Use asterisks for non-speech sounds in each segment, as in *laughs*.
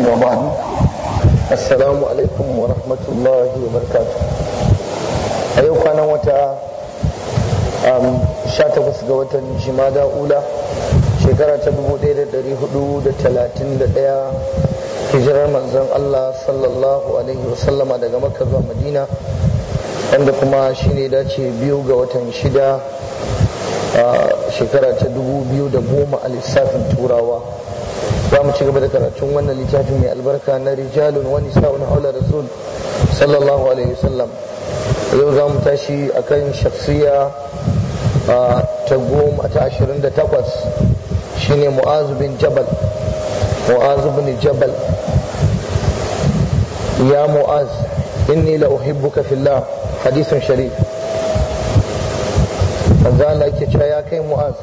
الدين wa السلام عليكم ورحمة الله وبركاته sha كان وتا ga watan jimada ula, shekara ta 1431 hijirar manzon Allah sallallahu alaihi wasallama daga makka zuwa madina wanda kuma shi ne dace biyu ga watan shida a shekara ta 2010 a lissafin turawa za mu ci gaba da karatun wannan littafin mai albarka na rijalun wani sa'un haula rasul sallallahu alaihi wasallam yau za mu tashi akan shafsiya ta goma ta ashirin da takwas shine mu'azu bin jabal mu'azu bin jabal ya mu'az inni la uhibbuka fillah hadisin sharif manzo Allah yake cewa ya kai mu'az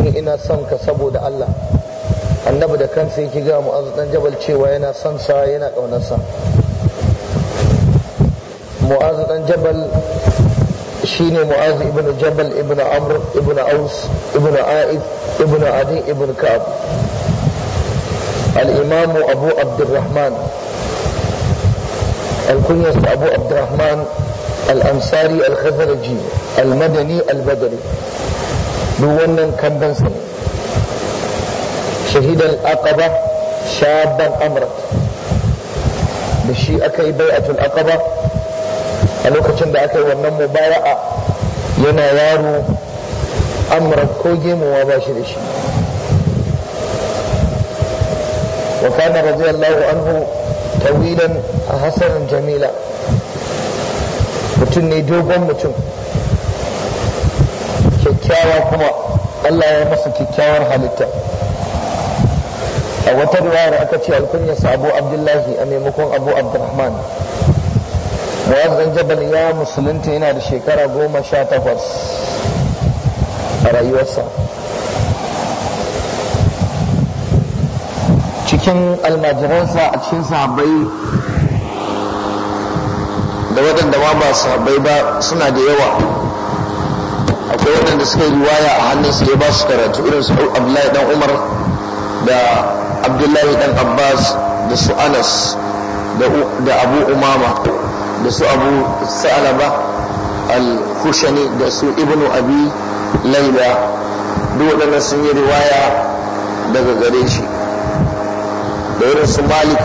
ni ina son ka saboda Allah annabi da kansa yake ga mu'azu dan jabal cewa yana son sa yana kaunar sa mu'azu dan jabal shine mu'azu ibnu jabal ibnu amr ibnu aus ibnu a'id ibnu adi ibnu ka'ab al-imam abu abdurrahman الكنية أبو عبد الرحمن الأنصاري الخزرجي المدني البدري دون كان سنه شهد الأقبة شابا أمرت بشي a lokacin da ألوكة أكي ونم مبايعة yana yaro amra ko gemuwa ba shi da shi wa kana radiyallahu anhu tawilan a hasanan jamila mutum ne dogon mutum kyakkyawa kuma Allah ya masa kyakkyawar halitta a wata da aka ce alkunyarsa abu abdullahi a maimakon abu abdurrahman mu'az zan jabal ya musulunta yana da shekara goma sha takwas a rayuwarsa cikin almajiransa a cikin sahabbai da waɗanda ma ba sahabbai ba suna da yawa akwai waɗanda suka yi riwaya a hannun su ya ba su karatu irin su abdullahi dan umar da abdullahi dan abbas da su anas da abu umama da su abu sa'alaba al-kushani da su ibnu abi laila duk waɗannan sun yi riwaya daga gare shi da irin su malik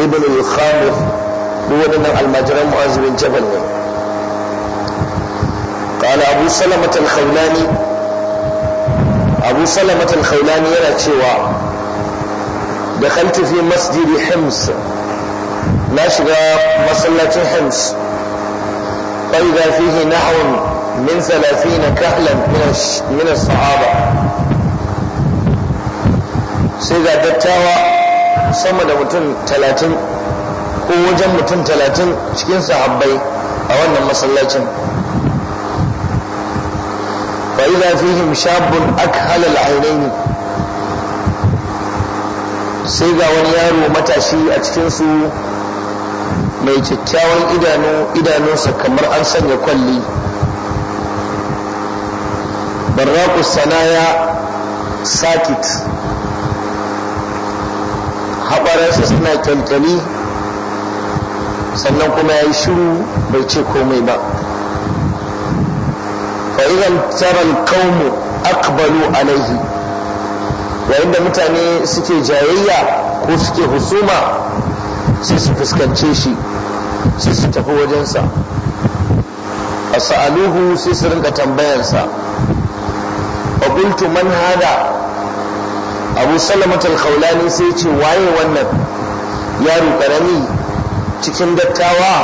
ibn al-khamir duk waɗannan almajiran mu'az bin jabal ne قال أبو سلمة الخولاني أبو سلمة الخولاني يرى cewa. da kaltu fi masjidi na shiga masallacin hims فإذا فيه نحو من ثلاثين كهلا من الصحابة sai ga dattawa sama da mutum talatin ko wajen mutum talatin cikin sahabbai a wannan masallacin fa idza fihim shabun akhala al-aynaini sai ga wani yaro matashi a cikinsu mai kyakkyawan idanu idanunsa kamar an sanya kwalli barraku sanaya sakit haɓaransa suna kyalkyali sannan kuma ya yi shiru bai ce komai ba fa'idan taron kaunu akbalu alaihi yayin da mutane suke jayayya ko suke husuma sai su fuskance shi sai su tafi wajensa a sa'aluhu sai su rinka tambayansa a qultu man hada abu salamat al sai ce waye wannan yaro karami cikin dattawa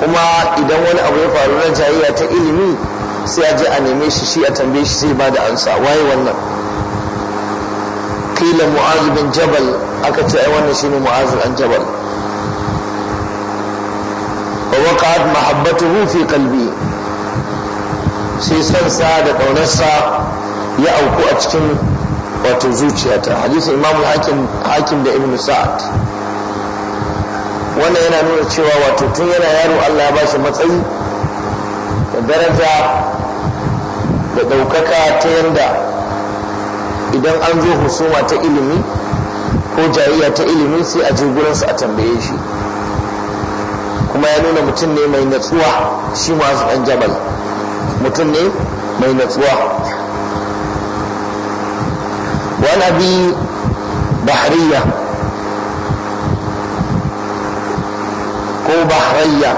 kuma idan wani abu ya faru na jayayya ta ilimi sai a je a neme shi shi a tambaye shi sai ba da ansa waye wannan kila mu'az bin jabal aka ce ai wannan shine mu'az an jabal wa waqa'at mahabbatuhu fi qalbi sai san sa da kaunarsa ya auku a cikin wato zuciyata hadisi imamu hakim hakim da ibnu sa'ad wannan yana nuna cewa wato tun yana yaro Allah ya ba shi matsayi da daraja da ɗaukaka ta yanda idan an zo husuma ta ilimi ko jayayya ta ilimi sai a je gurinsa a tambaye shi kuma ya nuna mutum ne mai natsuwa shi masu ɗan jabal mutum ne mai natsuwa wani abi bahariya ko bahariya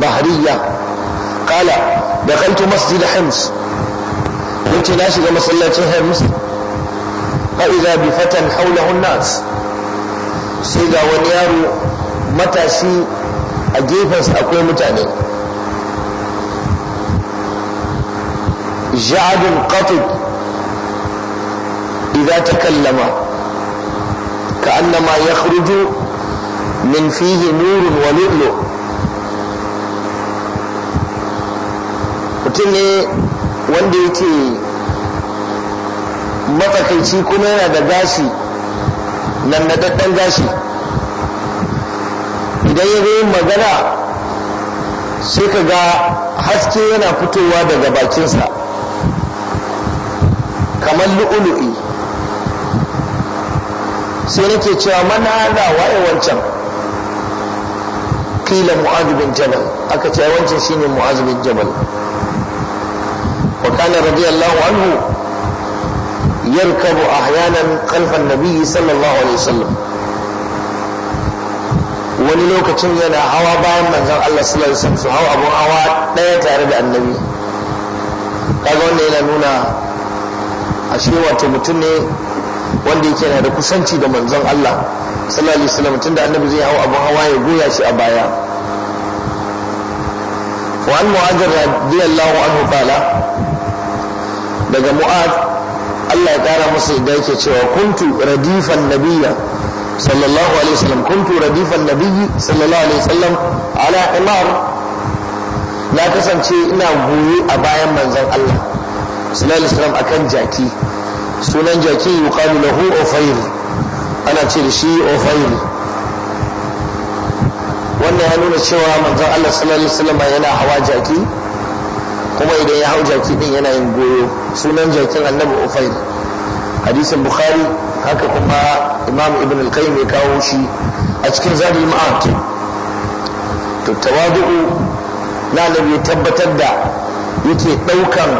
bahariya قال دخلت Masjid Hams. sun ce na shiga masallacin hamis fa'iza bi fatan haulahun nas sai ga wani yaro matashi a gefensa akwai mutane ja'adun qatib idza takallama ka'annama yakhruju min fihi nurun wa lu'lu' mutum ne wanda yake matsakaici kuma yana da gashi nan lannadaddan gashi idan ya yin magana sai ka ga haske yana fitowa daga bakinsa kamar lu'ulu'i sai nake cewa mana da waye wancan kila mu'az bin jabal aka ce wancan shine mu'az bin jabal wa kana radiyallahu anhu يركب أحيانا خلف النبي صلى الله عليه وسلم wani lokacin yana hawa bayan manzon Allah sallallahu alaihi wasallam su hawa abun hawa ɗaya tare da annabi kaga wanda yana nuna a ashe wato mutum ne wanda yake yana da kusanci da manzon Allah sallallahu alaihi wasallam tunda annabi zai hawa abun hawa ya goya shi a baya wa an mu'adh radiyallahu anhu qala daga Mu'ad. Allah ya kara musu da yake cewa kuntu radifan nabiyya sallallahu alaihi wasallam kuntu radifan nabiyyi sallallahu alaihi wasallam ala imam na kasance ina goyo a bayan manzon Allah sallallahu alaihi wasallam akan jaki sunan jaki yuqalu lahu ufayl ana ce da shi ufayl wannan ya nuna cewa manzon Allah sallallahu alaihi wasallam yana hawa jaki kuma idan ya hau jaki din yana yin goyo sunan jakin annabi ufair hadisin bukhari haka kuma imam ibn al-qayyim ya kawo shi a cikin zari ma'at to tawadu'u na annabi tabbatar da yake daukan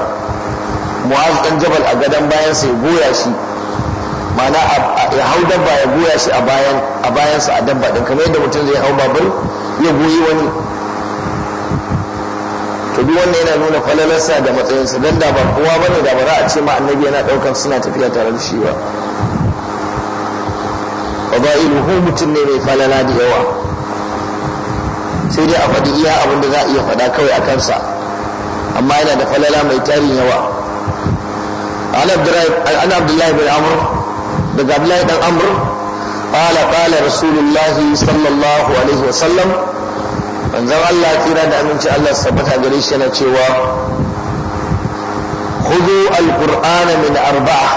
mu'az dan jabal a gadan bayan sai goya shi mana ya hau dabba ya goya shi a bayan a bayan sa a dabba din kamar yadda mutum zai hau babur ya goyi wani to duk wanda yana nuna falalarsa da matsayinsa don da ba kowa bane da ba a ce ma annabi yana ɗaukar suna tafiya tare da shi ba Ba fadailuhu mutum ne mai falala da yawa sai dai a faɗi iya abin da za a iya faɗa kawai a kansa amma yana da falala mai tarin yawa an abdullahi bin amr daga abdullahi dan amr قال قال رسول الله صلى الله manzon Allah tsira da aminci Allah su tabbata gare shi yana cewa hudu alqur'ana min arba'a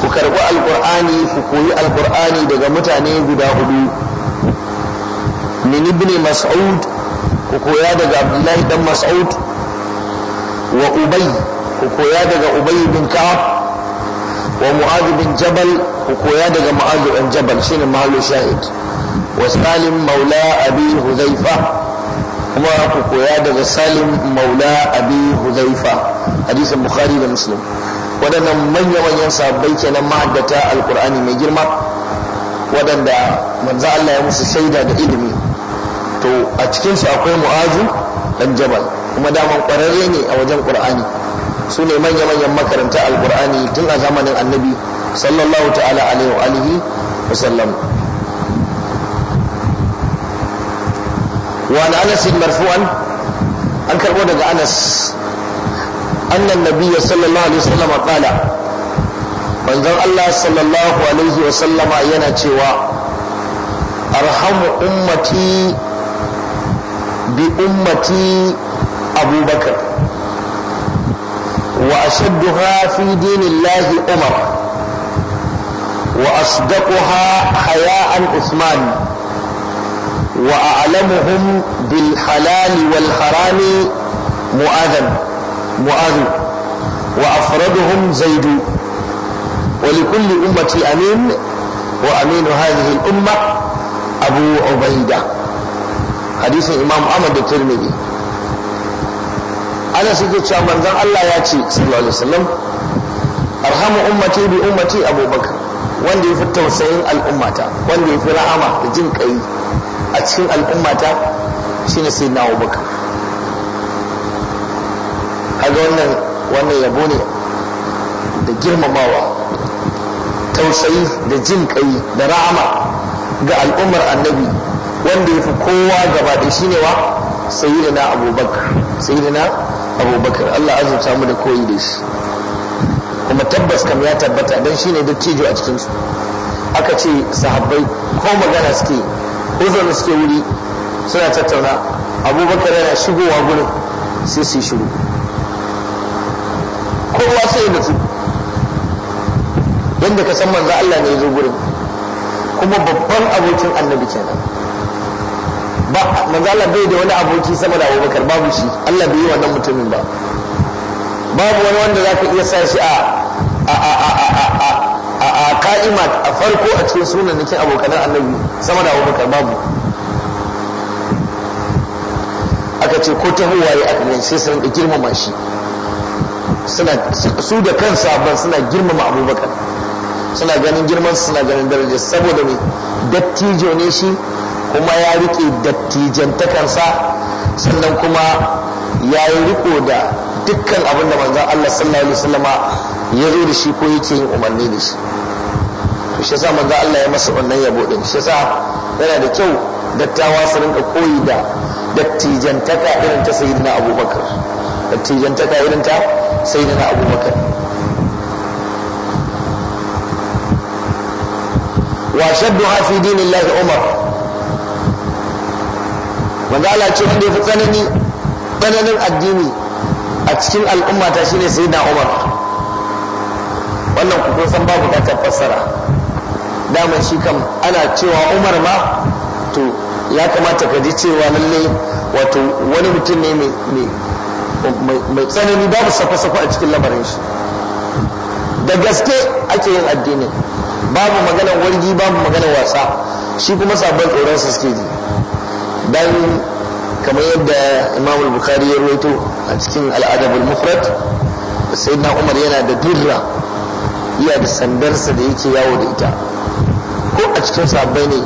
ku karɓi alqur'ani ku koyi alqur'ani daga mutane guda hudu min ibn mas'ud ku koya daga abdullahi dan mas'ud wa ubay ku koya daga ubay bin ka'ab wa mu'adh bin jabal ku koya daga mu'adh bin jabal shine mahallu shahid wa salim maula abi huzaifa kuma ku koya daga salim maula abi huzaifa hadisin bukhari da muslim waɗannan manya-manyan sabbai kenan ma'addata alkur'ani mai girma waɗanda manzo Allah ya musu saida da ilimi to a cikinsu akwai mu'azu dan jabal kuma daman ƙwararre ne a wajen ƙur'ani su ne manya-manyan makaranta alkur'ani tun a zamanin annabi sallallahu ta'ala alaihi wa sallam وعن أنس مرفوعا أنكر بودك أنس أن النبي صلى الله عليه وسلم قال من ذر الله صلى الله عليه وسلم أينا تشوى أرحم أمتي بأمتي أبو بكر وأشدها في دين الله عمر وأصدقها حياء عثمان وأعلمهم بالحلال والحرام مؤاذ مؤاذ وأفردهم زيد ولكل أمة أمين وأمين هذه الأمة أبو عبيدة حديث الإمام أحمد الترمذي أنا سيدي cewa manzon Allah ya ce sallallahu alaihi wasallam arhamu ummati bi ummati abubakar wanda ya fi tausayin al'ummata wanda ya fi da jin a cikin al'ummata ne sai na abubakar kaga wannan wannan yabo ne da girmamawa tausayi da jin kai da rahama ga al'ummar annabi wanda ya fi kowa gaba da ne wa na, abubakar na, abubakar Allah azurta mu da koyi da shi kuma tabbas kam ya tabbata don ne duk dattijo a cikinsu. aka ce sahabbai ko magana suke huzar da suke wuri suna tattauna abubakar yana shigowa gudun sai su yi shiru kowa sai ya nufi yadda ka san manzo Allah ne ya zo gurin kuma babban abokin annabi kenan ba manzo Allah bai da wani aboki sama da abubakar babu shi Allah bai yi wannan mutumin ba babu wani wanda ka iya sa shi a a a ka'ima a farko a cikin sunan nakin abokanar annabi sama da abubakar babu aka ce ko ta huwaye aka gani sai su girmama shi su da kan sabon suna girmama abubakar suna ganin girman suna ganin darajar saboda mai dattijo ne shi kuma ya rike dattijantakarsa sannan kuma ya yi riko da dukkan abin da manzon Allah sallallahu alaihi wasallama ya zo da shi ko yake yin umarni da shi shi yasa manzo Allah ya masa wannan yabo din shi yasa yana da kyau dattawa su rinka koyi da dattijantaka irin ta sayyidina Abubakar dattijantaka irin ta sayyidina Abubakar wa shadduha fi dinillahi Umar manzo Allah ce inda fi tsanani tsananin addini a cikin al'ummata shine sayyidina Umar wannan ku san babu ta fassara dama shi kam ana cewa umar ma to ya kamata ka ji cewa lalle wato wani mutum ne mai tsanani babu safa-safa a cikin lamarin shi da gaske ake yin addini babu maganar wargi babu maganar wasa shi kuma sabon tsoron su suke ji don kamar yadda imam bukhari ya rawaito a cikin al'adabul sai na umar yana da durra iya da sandarsa da yake yawo da ita a cikin sabbai ne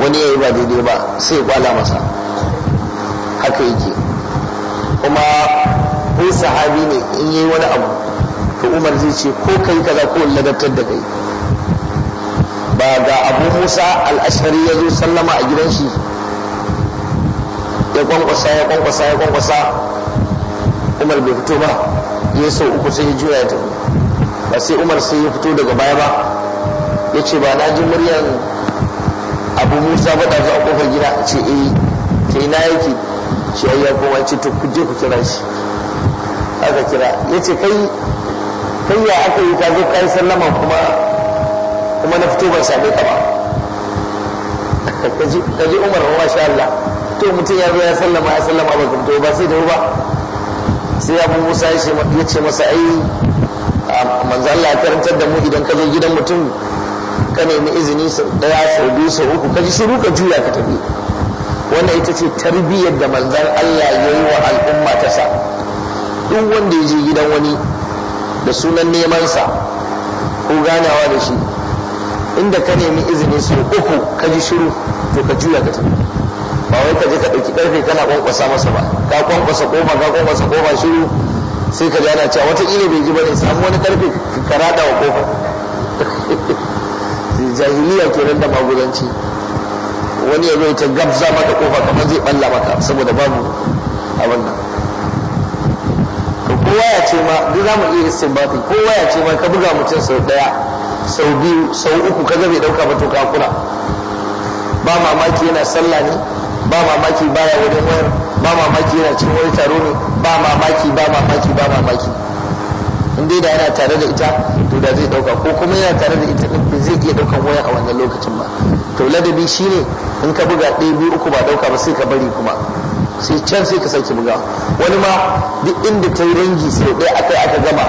wani ya yi ba daidai ba sai ya kwala masa haka yake kuma ko sahabi ne in yi wani abu to umar zai ce ko kai kaza ko ladattar da kai ba ga abu musa al'ashari ya zo sallama a gidan shi ya kwankwasa ya kwankwasa ya kwankwasa umar bai fito ba ya sau uku sai ya juya ya tafi ba sai umar sai ya fito daga baya ba ya ce ba na ji muryar abu musa ba zuwa a kofar gida a ce eh ce na yake ce ya koma ce to ku je ku kira shi aka kira ya ce kai kai ya aka yi ka zo ka yi sallama kuma kuma na fito ban same ka ba *laughs* ka ji umar wa sha Allah to mutum ya zo ya sallama ya sallama ba ka fito ba sai da ba sai abu musa ya ce masa ai manzo Allah ya karantar da mu idan ka zo gidan mutum ka nemi izini sau daya sau biyu sau uku ka ji shiru ka juya ka tafi wannan ita ce tarbiyyar da manzan Allah ya yi wa al'umma ta sa duk wanda ya je gidan wani da sunan neman sa ko ganawa da shi inda ka nemi izini sau uku ka ji shiru to ka juya ka tafi ba wai ka je ka ɗauki ƙarfe kana kwankwasa masa ba ka kwankwasa kofa ka kwankwasa kofa shiru sai ka ji ana cewa wataƙila bai ji ba ne samu wani ƙarfe ka raɗa wa kofa jahiliya ke da magudanci wani ya zo ta gabza maka kofa kamar zai balla maka saboda babu abin nan kowa ya ce ma duk zamu iya istimbati kowa ya ce ma ka buga mutum sau daya sau biyu sau uku ka zabe dauka ba to ka kula ba mamaki yana sallah ne ba mamaki baya wurin wayar ba mamaki yana cin wani taro ne ba mamaki ba mamaki ba mamaki in dai da yana tare da ita guda zai dauka ko kuma yana tare da ita din zai iya daukan waya a wannan lokacin ba to ladabi shine in ka buga ɗaya biyu uku ba dauka ba sai ka bari kuma sai can sai ka sake buga wani ma duk inda ta yi rangi sai ɗaya akai aka gama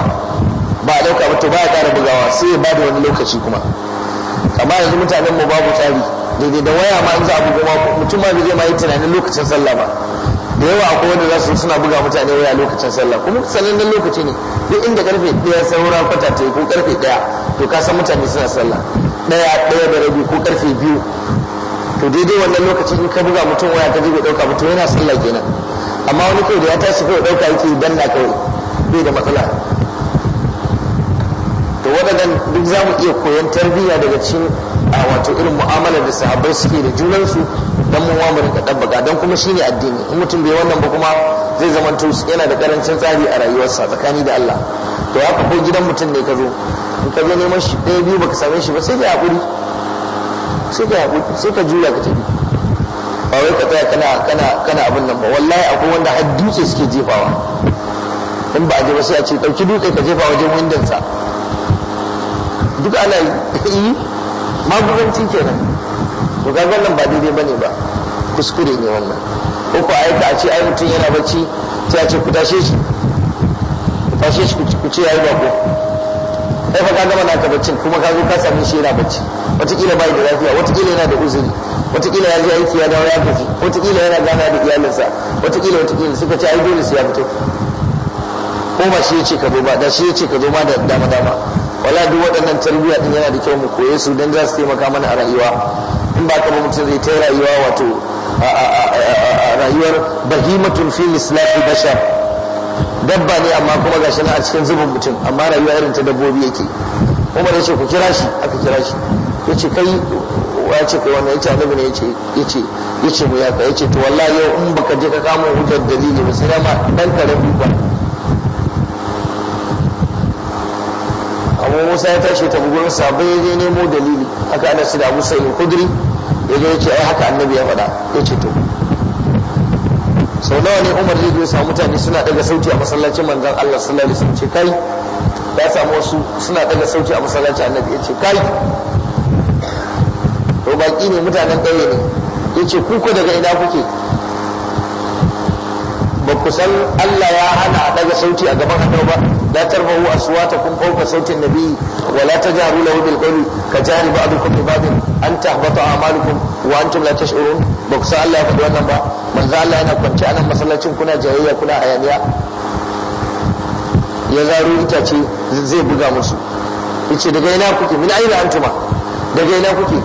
ba a dauka ba to ba ya ƙara bugawa sai ya bada wani lokaci kuma amma yanzu mutanen mu babu tsari daidai da waya ma in za a buga mutum ma bai ma yi tunanin lokacin sallah ba da yawa akwai wanda za su suna buga mutane waya lokacin sallah kuma sanin sanannen lokaci ne duk inda karfe daya saura kwata ta ko karfe daya to ka san mutane suna sallah daya daya da rabi ko karfe biyu to daidai wannan lokacin in ka buga mutum waya ka je dauka ɗauka mutum yana sallah kenan amma wani kai da ya tashi kai ɗauka yake danna kai bai da matsala to waɗannan duk za mu iya koyan tarbiyya daga cikin wato irin mu'amalar da sahabbai suke da junansu dan mu ma mu rika dan kuma shine addini in mutum bai wannan ba kuma zai zama to yana da karancin tsari a rayuwarsa tsakani da Allah to haka ko gidan mutum ne ka zo in ka zo neman shi ɗaya biyu baka same shi ba sai ka hakuri sai ka hakuri sai ka juya ka tafi ba wai ka tsaya kana kana kana abin nan ba wallahi akwai wanda har dutse suke jefawa in ba a je ba sai a ce ɗauki dutse ka jefa wajen sa. duk ana yi *laughs* eh, magudanci kenan to ga wannan ba daidai bane ba kuskure ne wannan uku a yadda a ce ai mutum yana bacci sai a ce ku tashe shi ku tashe shi ku ce yayi bako kai fa ka gama ka baccin kuma ka zo ka same shi yana bacci wataƙila bai da lafiya watakila yana da uzuri watakila ya je aiki ya dawo ya gaji wataƙila yana gana da iyalinsa watakila watakila suka ce ai dole sai ya fito ko ba shi ya ce ka zo ba da shi yace ka zo ma da dama dama wala duk waɗannan tarbiyya din yana da kyau mu koye su don za su taimaka mana a rayuwa in ba ka ba mutum zai ta rayuwa wato a rayuwar bahimatun fil islafi bashar dabba ne amma kuma gashi na a cikin zubin mutum amma rayuwa irin ta dabbobi yake kuma ya ce ku kira shi aka kira shi ya ce kai ya ce kai wannan ya ce annabi ne ya ce ya ce mu yaka ya ce to wallahi yau in baka je ka kama hujjar dalili ba sai ma dan karen ba amma musa ya tashi ta bugurin sabai ya nemo dalili aka ana shi da musa sa'in kudri ya zo ya ai haka annabi ya faɗa ya ce to sau nawa ne umar zai zo samu mutane suna daga sauti a masallacin manzon Allah sallallahu alaihi wasallam ce kai ya samu wasu suna daga sauti a masallacin annabi ya ce kai to baki ne mutanen ɗaya ne ya ce kuku daga ina kuke ba ku san Allah ya hana daga sauti a gaban annabi ba la tarfahu aswatakum fawqa sautin nabi ولا تجهروا له بالقول كجهل بعضكم لبعض أن تحبط أعمالكم وأنتم لا تشعرون بقصة الله قد ونبا من ذا الله أنا كنت أنا كنا جاهية كنا حيانية ya zaro ce zai buga musu yace daga ina kuke min aina antuma daga ina kuke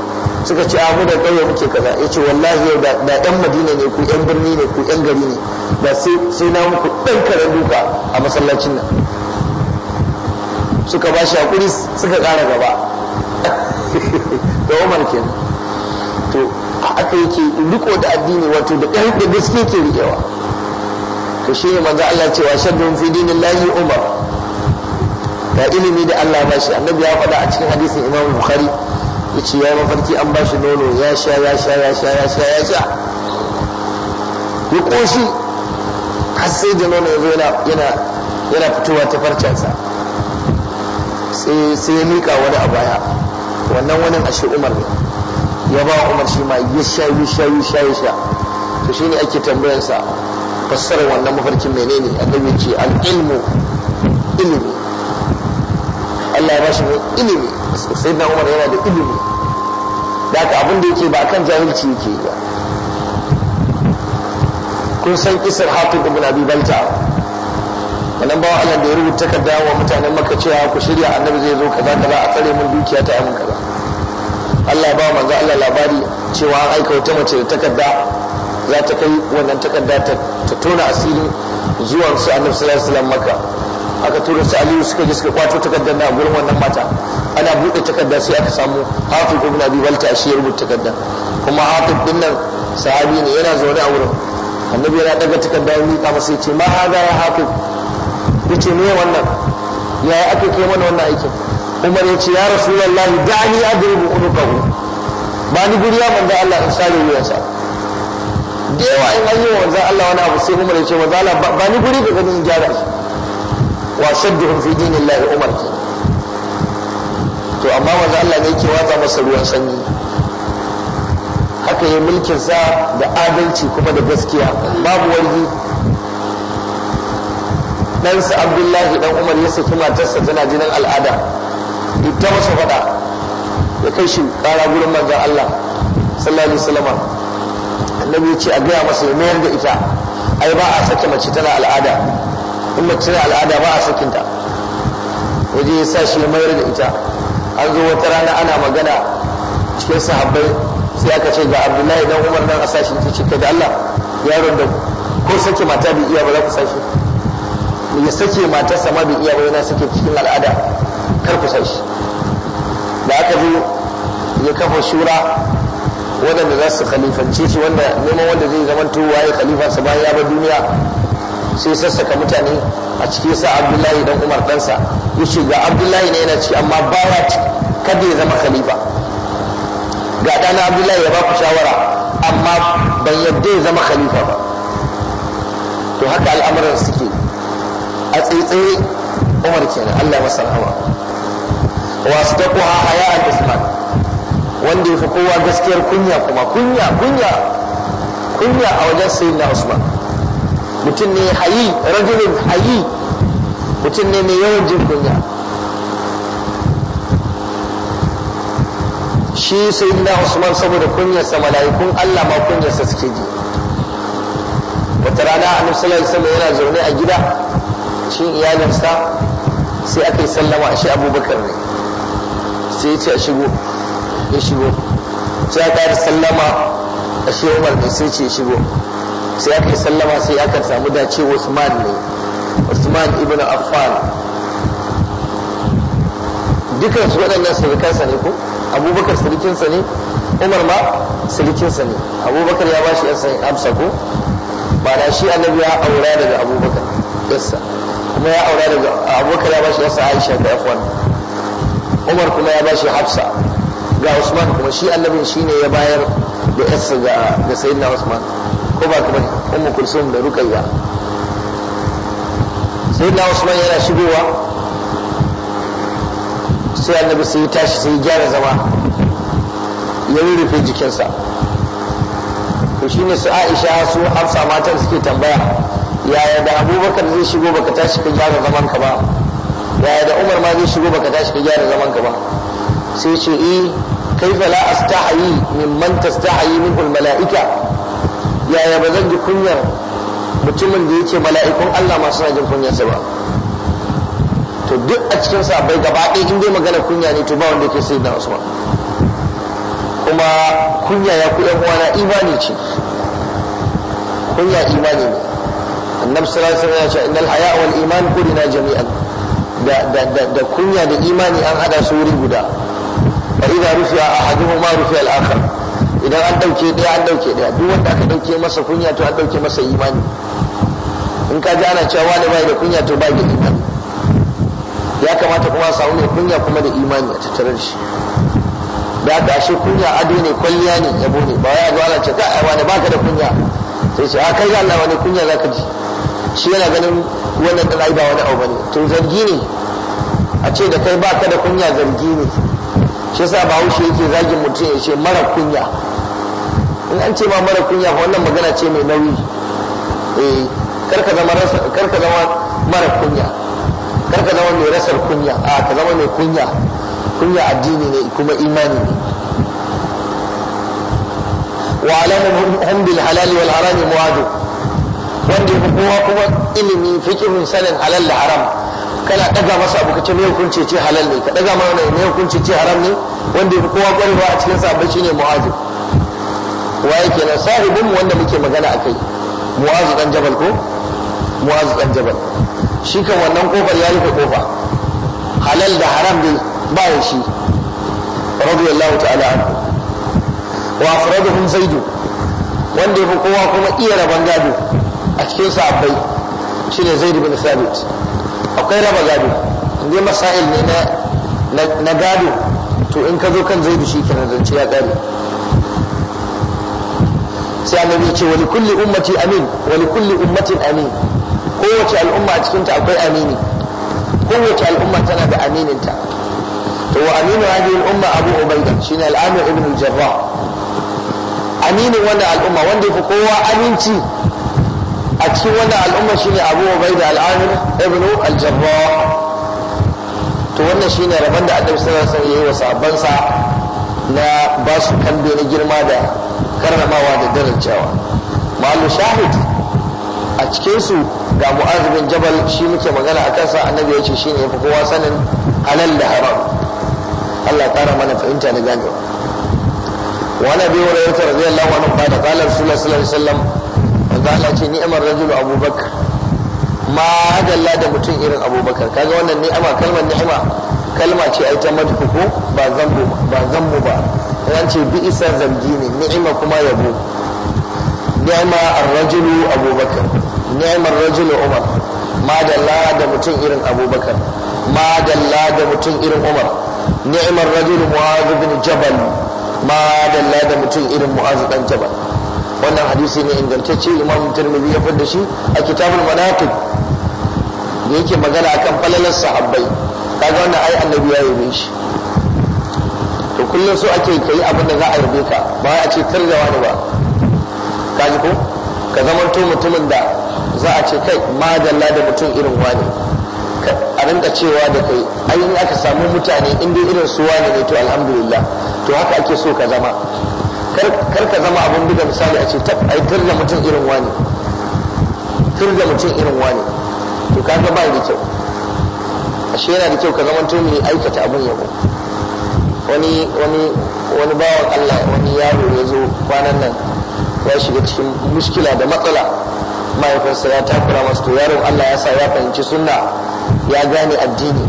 suka ce abu da kauye muke kaza yace wallahi yau da yan madina ne ku yan birni ne ku yan gari ne da sai na muku dan karen duka a masallacin nan suka ba shi hakuri suka ƙara gaba da umar ke to aka yake riko da addini wato da ɗan da gaske ke riƙewa to shi ne manzo Allah cewa shaddun fi dinillahi umar ga ilimi da Allah ba shi annabi ya faɗa a cikin hadisin Imam Bukhari yace ya mafarki an ba shi nono ya sha ya sha ya sha ya sha ya sha ya ƙoshi har sai da nono ya yana fitowa ta farcensa sai ya mika wani a baya wannan wani ashe umar ne ya ba umar shi ma ya sha ya sha sha ya sha to ake tambayansa fassara wannan mafarkin menene annabi ce al ilmu ilimi Allah ya bashi ilimi sai na umar yana da ilimi da ka abin da yake ba kan jahilci yake ba kun san kisar hatib ibn abi balta wannan bawa Allah da ya rubuta takarda wa mutanen maka cewa ku shirya annabi zai zo kaza kaza a tsare mun dukiya ta amin kaza Allah ya ba manzo Allah labari cewa an aika wata mace da takarda za ta kai wannan takarda ta tona asirin zuwan su annabi sallallahu alaihi wasallam aka tura su aliyu suka je suka kwato takardar na gurin wannan mata ana buɗe takarda sai aka samu hafiz ibn abi ta shi ya rubuta takarda kuma hafi din nan sahabi ne yana zaune a wurin annabi yana daga takarda ya mika masa ya ce ma hada ya hafi ya ce me wannan ya yi aka kai mana wannan aikin umar ya ce ya rasu da ni a gurbin unukahu ba ni guriya manzo Allah in yi wuyansa da yawa in an yi wa manzo Allah wani abu sai umar ya ce manzo Allah ba ni guri ga ganin gyara shi wa hun fi lahi umar ke to amma manzo Allah ne yake watsa masa ruwan sanyi haka yi mulkin sa da adalci kuma da gaskiya babu wargi ɗansa abdullahi dan umar ya saki matarsa tana jinin al'ada duk ta masa faɗa ya kai shi ƙara gurin manzon Allah sallallahu alaihi wasallam annabi ya ce a gaya masa ya mayar da ita ai ba a sake mace tana al'ada in mace tana al'ada ba a sakinta waje ya sa shi ya mayar da ita an zo wata rana ana magana cikin sahabbai sai aka ce ga abdullahi dan umar nan a sashi ta ce da Allah yaron da ko sake mata bai iya ba za ku sashi ya sake matarsa ma bai iya ba yana sake cikin al'ada kar ku shi da aka zo ya kafa shura waɗanda za su khalifance shi wanda neman wanda zai zama tuwa ya sa bayan ya duniya sai sassaka mutane a cikin sa abdullahi dan umar ɗansa ya ce ga abdullahi ne yana ci amma baya kada ya zama khalifa ga ɗana abdullahi ya ba ku shawara amma ban yadda ya zama khalifa ba to haka al'amuran su a tsaye-tsaye umar kenan Allah hawa. rahama wasu ta kuwa haya a usman wanda ya fi kowa gaskiyar kunya kuma kunya kunya kunya a wajen sayin na usman mutum ne hayi rajulun hayi mutum ne mai yawan jin kunya shi sayin na usman saboda kunyarsa mala'ikun Allah ma kunyarsa suke ji wata rana a sallallahu alaihi yana zaune a gida cikin iyalinsa sai aka yi sallama a shi abubakar ne sai ya ce a shigo ya shigo sai aka yi sallama a shi umar ne sai ce shigo sai aka yi sallama sai aka samu dace usman ne usman ibn affan dukkan su waɗannan surukansa ne ko abubakar surukinsa ne umar ma surukinsa ne abubakar ya ba shi yan amsa ko ba da shi annabi ya aura daga abubakar yassa kuma ya aura daga abubakar ya bashi yasa aisha da afwan umar kuma ya bashi hafsa ga usman kuma shi annabin ne ya bayar da yasa ga sayidina usman ko ba kuma umu kulsum da ruqayya sayidina usman yana shigowa sai annabi sai tashi sai ya gyara zama ya rurrufe jikinsa to shine su aisha su hafsa matan suke tambaya yaya da abubakar zai shigo baka tashi ka gyara zaman ka ba yaya da umar ma zai shigo baka tashi ka gyara zaman ka ba sai ce eh kaifa la astahi mimman tastahi minhu malaika yaya ba zan ji kunyar mutumin da yake mala'ikun Allah ma suna jin sa ba to duk a cikin sa sahabbai gaba ɗaya in dai magana kunya ne to ba wanda yake sai da Usman kuma kunya ya ku yan uwana imani ce kunya imani ne annabi sallallahu alaihi wasallam ya ce innal haya wal iman kullina jami'an da da da, da kunya da imani an hada su wuri guda fa idza rufi'a ahaduhuma rufi'a al-akhar idan an dauke daya an dauke daya duk wanda aka dauke masa kunya to an dauke masa imani in ka ji ana cewa da bai da kunya to ba ga imani ya kamata kuma a samu mai kunya kuma da imani a tattare da shi da ka shi kunya ado ne kwalliya ne yabo ne ba ya ga ana ce ka wani baka da kunya sai ce a kai ga Allah wani kunya zaka ji shi yana ganin wannan da ba wani abu bane to zargi ne a ce da kai baka da kunya zargi ne shi yasa bahaushe yake zagin mutum ya ce mara kunya in an ce ma mara kunya wannan magana ce mai nauyi eh karka zama karka zama mara kunya karka zama mai rasar kunya a ah, ka zama mai kunya kunya addini ne kuma imani ne wa alamun hum bil halali wal harami wanda yafi kowa kuma ilimi fikirin, sanin halal da haram kana daga masa abu kace me hukunci ce halal ne ka daga mana me hukunci ce haram ne wanda yafi kowa ba a cikin sahabbai shine muwadu waye kenan sahibin wanda muke magana akai muwazu dan jabal ko muwazu dan jabal shi kan wannan kofar ya rufe kofa halal da haram dai ba ya shi radiyallahu ta'ala anhu wa afraduhum zaidu wanda yafi kowa kuma iya raban gado a cikin sahabbai shine zaid bin sabit akwai raba gado inda masail ne na gado to in ka zo kan zaidu shi kenan ya gado sai ya ce wa kulli ummatin amin kowace al'umma a cikinta akwai amini kowace al'umma tana da amininta to wa aminu hadhihi umma abu ubaida shine al-amir ibn al aminin wannan al'umma wanda ya fi kowa aminci a cikin wannan al'umma shine abu da al'amir ibn al-jarrah to wannan shine rabon da annabi sallallahu alaihi wasallam wa sahabbansa na ba su kambe na girma da karramawa da darajawa malu shahid a cikinsu ga mu'az jabal shi muke magana a kansa annabi ya ce shine fi kowa sanin halal da haram Allah ya kara mana fahimta da ganewa Wana bai wani yantar zai Allah wani ba da kalar sallallahu alaihi wasallam wanda Allah ce ni'amar rajulu abubakar ma dalla da mutum irin abubakar kaga wannan ni'ama kalmar ni'ima kalma ce ai ta madku ko ba zambo ba zambo ba ran ce bi isa zamgi ne ni'ima kuma yabo ni'ama ar-rajulu abubakar ni'amar rajulu umar ma dalla da mutum irin abubakar ma dalla da mutum irin umar ni'imar rajulu mu'adh bin jabal ma da da mutum irin mu'azu dan jabal wannan hadisi ne ingantacce imam tirmidhi ya da shi a kitabul manaqib da yake magana akan falalar sahabbai kaga wannan ai annabi ya yi shi to kullum so ake kai abin da za a yabe ka ba a ce tarjawa ne ba kaji ko ka zamanto mutumin da za a ce kai ma da mutum irin wani a rinka cewa da kai ainihin aka samu mutane inda irin suwa wane ne to alhamdulillah to haka ake so ka zama kar ka zama abin duka misali a ce tab ai da mutum irin wani da mutum irin wani to kaga ba da kyau ashe yana da kyau ka zama tumi aikata abin yabo wani wani wani bawan Allah wani yaro ya zo kwanan nan ya shiga cikin mushkila da matsala mahaifinsa ya takura masa to yaron Allah ya sa ya fahimci sunna ya gane addini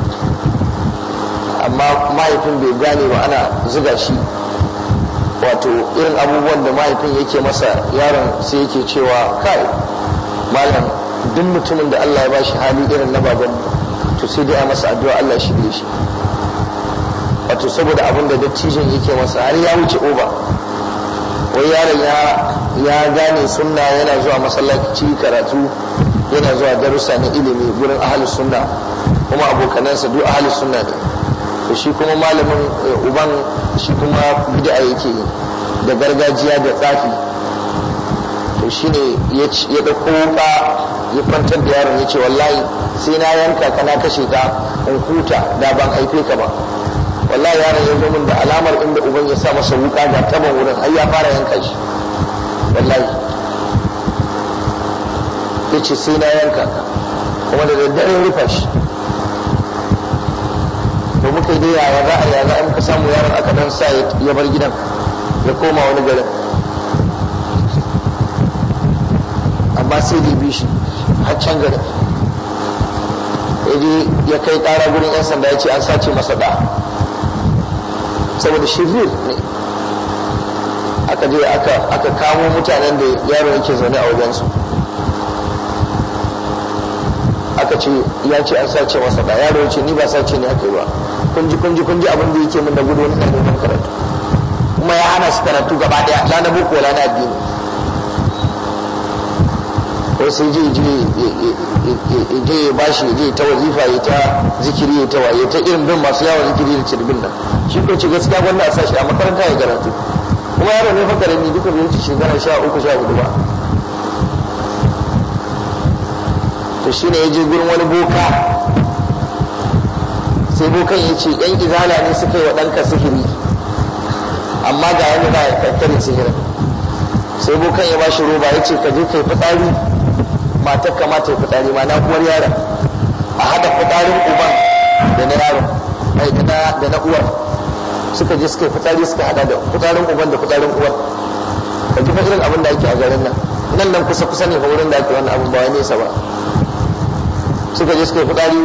amma mahaifin bai gane ba ana zuga shi wato irin abubuwan da mahaifin yake masa yaron sai yake cewa kai malam duk mutumin da Allah ya ba shi hali irin na baban to sai dai a masa addu'a Allah shi shirye shi wato saboda abin da dattijan yake masa har ya wuce oba wai yaron ya gane sunna yana zuwa masallaci karatu yana zuwa darussa na ilimi gurin ahalus sunna kuma abokanansa duk ahalus sunna ne to shi kuma malamin eh, uban shi kuma bid'a yake da gargajiya da tsafi to shi ne ya ɗauko wuka ya kwantar da yaron ya ce wallahi sai na yanka kana kashe ta in huta da ban haife ka ba wallahi yaron ya zo min da alamar inda uban ya sa masa wuka ga taban wurin har ya fara yanka shi wallahi ya ce sai na yanka kuma da daddare rufa shi to muka dai yaya za a yaya ka samu yaron aka dan sa ya bar gidan ya koma wani garin amma sai da bi shi har can garin ya kai kara gurin yan sanda ya ce an sace masa da saboda shirir ne aka je aka kamo mutanen da yaro yake zaune a wajensu aka ce ya ce an sace masa da yaro ce ni ba sace ne aka yi ba kunji kunji kunji abin da yake min da gudu ne ban karatu kuma ya hana su karatu gaba daya la na boko la na addini ko sai je je je je ba shi je ta wazifa ya ta zikiri ya ta waye ta irin bin masu yawon zikiri da cirbin nan shi ko ce gaskiya gwanda a sashi a makaranta ya karatu kuma yaro ne fakarin ni duka bai wuce shekara sha uku sha hudu ba to shine ya je gurin wani boka sai bokan ya ce yan izala ne suka yi wa ɗanka sihiri amma ga ba da kakkare sihirin sai bokan ya bashi roba ya ce ka je ka yi fitsari matar ka mata yi fitsari ma na kuwar yaron a haɗa fitsarin uban da na yaron ai da na uwar suka je suka yi fitsari suka haɗa da fitsarin uban da fitsarin uwar ka ji irin abin da ake a garin nan nan nan kusa kusa ne ga wurin da ake wannan abin ba wani nesa ba suka je suka yi fitsari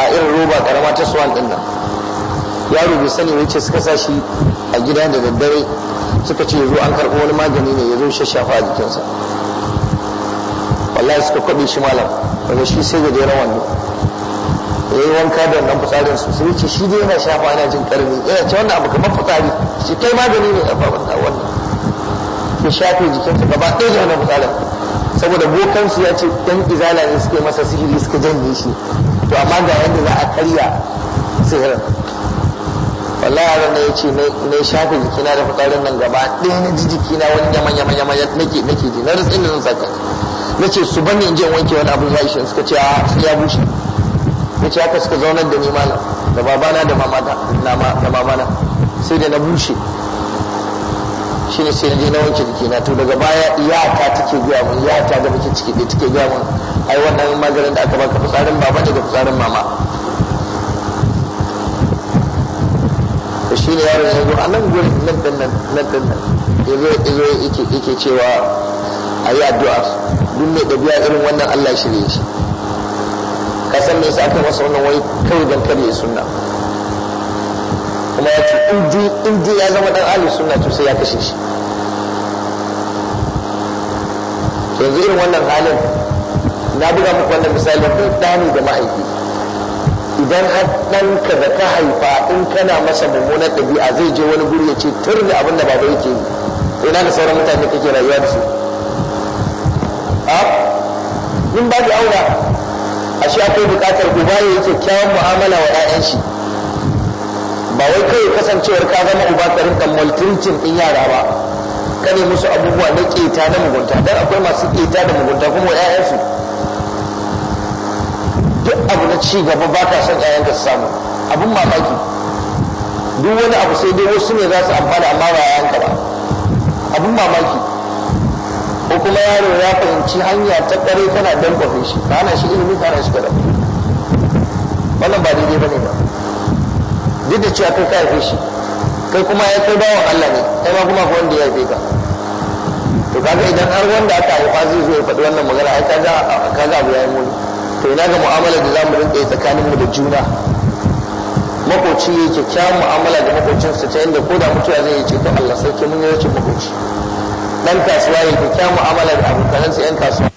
a irin roba karama ta suwan ɗin nan yaro bai sani ya ce suka sa shi a gida da daddare suka ce zo an karɓi wani magani ne ya zo shi shafa a jikinsa wallahi suka kwaɓe shi malam daga shi sai ga jeren wando ya yi wanka da wannan fitsarin su sai ce shi dai yana shafa yana jin karni yana ce wannan abu kamar fitsari shi kai magani ne a fa wannan ya shafe jikinsa gaba ɗaya da wannan fitsarin saboda bokansu ya ce dan izala ne suke masa sihiri suka janye shi to amma ga yadda za a karya sihirin wallahi yaron ne ya ce na shafe na da fakarin nan gaba ɗaya na ji na wani yaman yaman ya nake nake ji na rutsin da zan saka na ce su bani in je wanke wani abu ya ishe suka ce a sai ya bushe na ce haka suka zaunar da ni malam da babana da mamana sai da na bushe shi ne sai je na wanke na to daga baya ta take gaya mun ta da muke ciki da take gaya mun ai wannan maganin da aka baka fitsarin baba daga fitsarin mama to shi ne yaron ya zo a nan gurin nan din nan nan din nan ya zo yake yake cewa a yi addu'a duk mai ɗabi'a irin wannan Allah shirye shi ka san me yasa aka masa wannan wai kai dan kare sunna kuma ya ce in ya zama dan ahli sunna to sai ya kashe shi yanzu irin wannan halin na buga muku wannan misali da ɗani da mahaifi idan har ɗanka da ka haifa in kana masa mummunar ɗabi'a zai je wani guri ya ce turne abin da baba yake yi ina da sauran mutane kake rayuwa da su a in ba da aura A shi akwai buƙatar uba ya yake kyawun mu'amala wa 'ya'yan shi ba wai kai kasancewar ka zama uba karin rinka multincin ɗin yara ba kane musu abubuwa na keta na mugunta dan akwai masu keta da mugunta kuma su duk abu na ci gaba ba ka son ƴaƴan da samu abin mamaki duk wani abu sai dai wasu ne za su amfana amma ba ka ba abin mamaki ko kuma yaro ya fahimci hanya ta kare kana dan kwafin shi kana shi ka na shi kada wannan ba daidai bane ba duk da cewa kai ka haife shi kai kuma ya kai bawan Allah ne kai ma kuma wanda ya fi ka to kaga idan har wanda aka haifa zai zo ya faɗi wannan magana ai kaga kaga abu yayi muni to ina ga mu'amala da zamu rinka yi tsakanin mu da juna makoci ya kyakkyawan mu'amala da makocin sa ta yadda ko da mutuwa zai yi ce to Allah sai ke mun yi rashin makoci dan kasuwa ya kyakkyawan mu'amala da abokanansa yan kasuwa